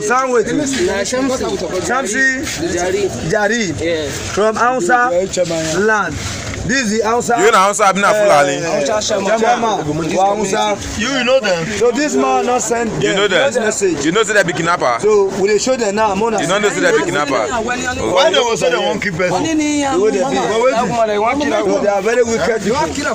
Shamsu Sandwich. Shamsi Jari from Aunsa land. This is Aunsa. You know Hausa, I'm not Fulani. Hausa. You know them. So this man not send You know them. This message. You know say they be kidnapper. So we dey show them now. Mona. You know say they be kidnapper. Why they go say they wan kill person? They are very wicked. You wan kill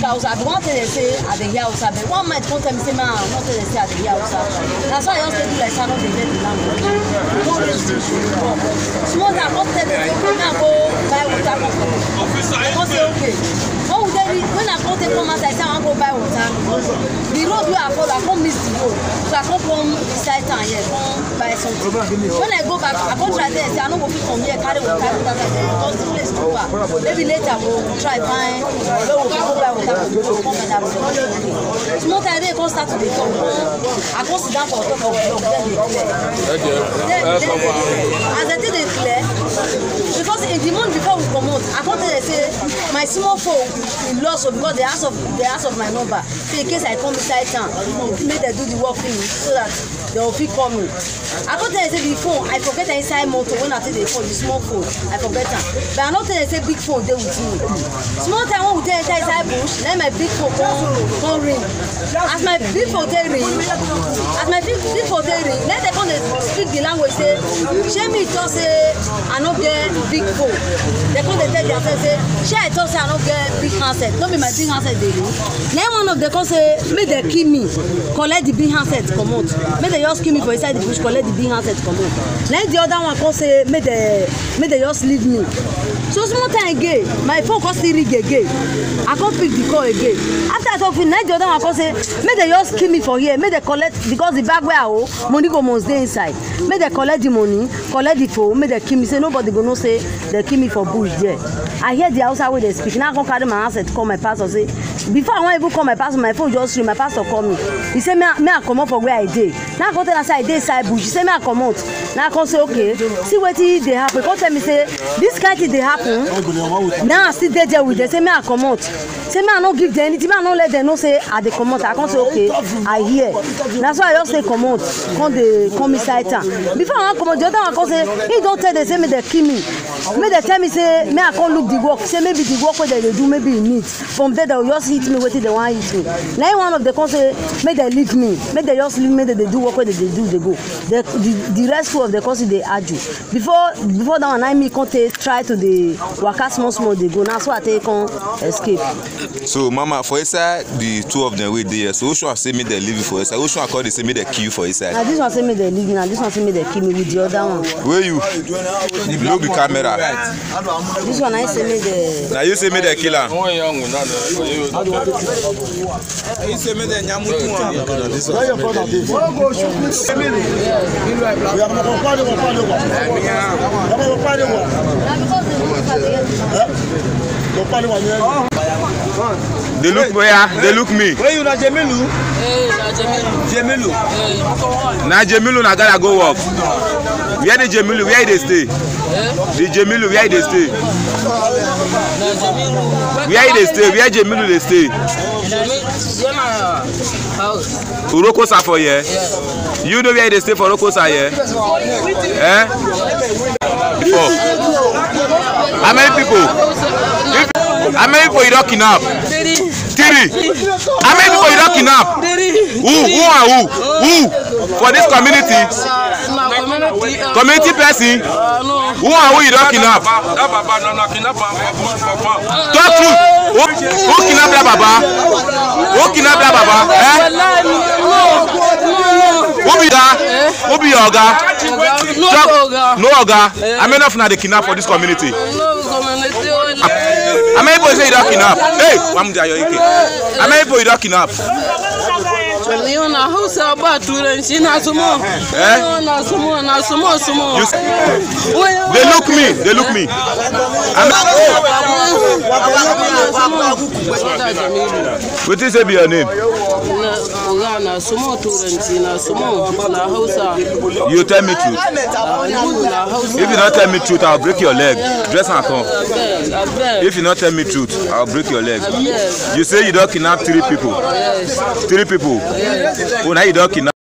speak Hausa. But one thing they say, I dey hear Hausa. But one might come tell me say, man, one thing they say, I dey se Hausa. That's why I just do like, I don't dey hear the language. No reason. Small that come tell me, say, now go buy water for me. I come say, okay. What would they need? When I come take come outside, I say, I want go buy water. The road where I fall, I come miss the road. So I come from beside town here, come buy something. When I go back, I come try there, say, I no go fit come here, carry water, go that side. Because the place too far. Maybe later we'll try find where we'll go come and absorb. Small time they come start to dey talk. I go sit down for top of block then dey clear. Then then dey clear. As I take dey clear because in the month before we comot I come tell dem say my small phone e lost o because they ask of they ask of my number say in case I come inside town make dem do the work finish so that they will fit call me i don tell them say the phone i forget am inside motor when i take the phone the small phone i forget that. but i no tell them say big phone They will me small time when we dey enter inside bush na my big phone come come ring as my big phone dey ring as my big big phone dey ring na dem come dey speak the language say shey me talk say i no get big phone say their friend say shey i talk say i no get big handset no be my big handset dey go na one of dem come say make they kill me collect the big handset comot make they just kill me for inside the bush collect the big handset comot Then the other one come say make they make they just leave me so small time again my phone come still ring again i come pick the call again after i talk finish na the other one come say make they just kill me for here make they collect because the bag wey i hold money go must dey inside make they collect the money collect the phone make they kill me say nobody go know say they kill me for bush there i hear the outside wey they speak now i go carry my handset call my pastor say before i wan even call my pastor my phone just ring my pastor call me he say Me i come out for where i did. now i come tell am say i did. inside bush he say me i come out. now i go say okay see wetin they happen Go tell me say this kind thing dey happen now i still dey there with them say me i come out say may i no give them anything may i no let them know say ah, i dey comot i come say okay i hear na so i just say comot come dey come inside town before i wan comot the other one come say he don tell them say make dem kill me make they tell me say may i come look the work say maybe the work wey dem dey do maybe e need from there dem just hit me wetin dem wan hit me na him one of dem come say make they leave me make they just leave me make dem do work wey dem dey do dey go the the the rest of dem come still dey argue before before that one na me come take try to dey waka small small dey go na so i take come escape so mama for inside the two of them wey dey here so which one say make dem leave you for inside which one call dey say make dem kill you for inside. na this one say make dem leave me na this one say make dem kill me with the other one. wey you no be camera. this one na him say make dem. na you say make dem kill am. he say make dem yamu tun am. Yeah, because the They look me, they look me. Where you na Jemilu? na Jemilu. Jemilu. na Jemilu na gotta go work. Where the Jemilu? Where they stay? The Jemilu, where they stay? Where they stay? Where Jemilu they stay? Jemilu, na Urokosa for here. You know where they stay for Urokosa here? Eh? Before. How many people? How many people you don up. Three. How many people you don up. Who? Who are who? Who? For this community? Community person? Who are who you don kidnap? Talk true. Who, who kidnap that baba? Who kidnap that baba? Eh? Who be that? Who be your guy? No oga. No oga. How many of una dey kidnap for this community? No say you don't kidnap. Hey, Wamdi Ayoike. I'm many people you don't kidnap? Leona, who said about to them? She not sumo. Eh? Leona, sumo, na sumo, sumo. You, they look me. They look me. I'm oh. What is your name? Uganda, some more Turantina, some Hausa. You tell me truth. If you not tell me truth, I'll break your leg. Dress and come. If you not tell me truth, I'll break your leg. You say you don't kidnap three people. Three people. Oh, now you don't kidnap.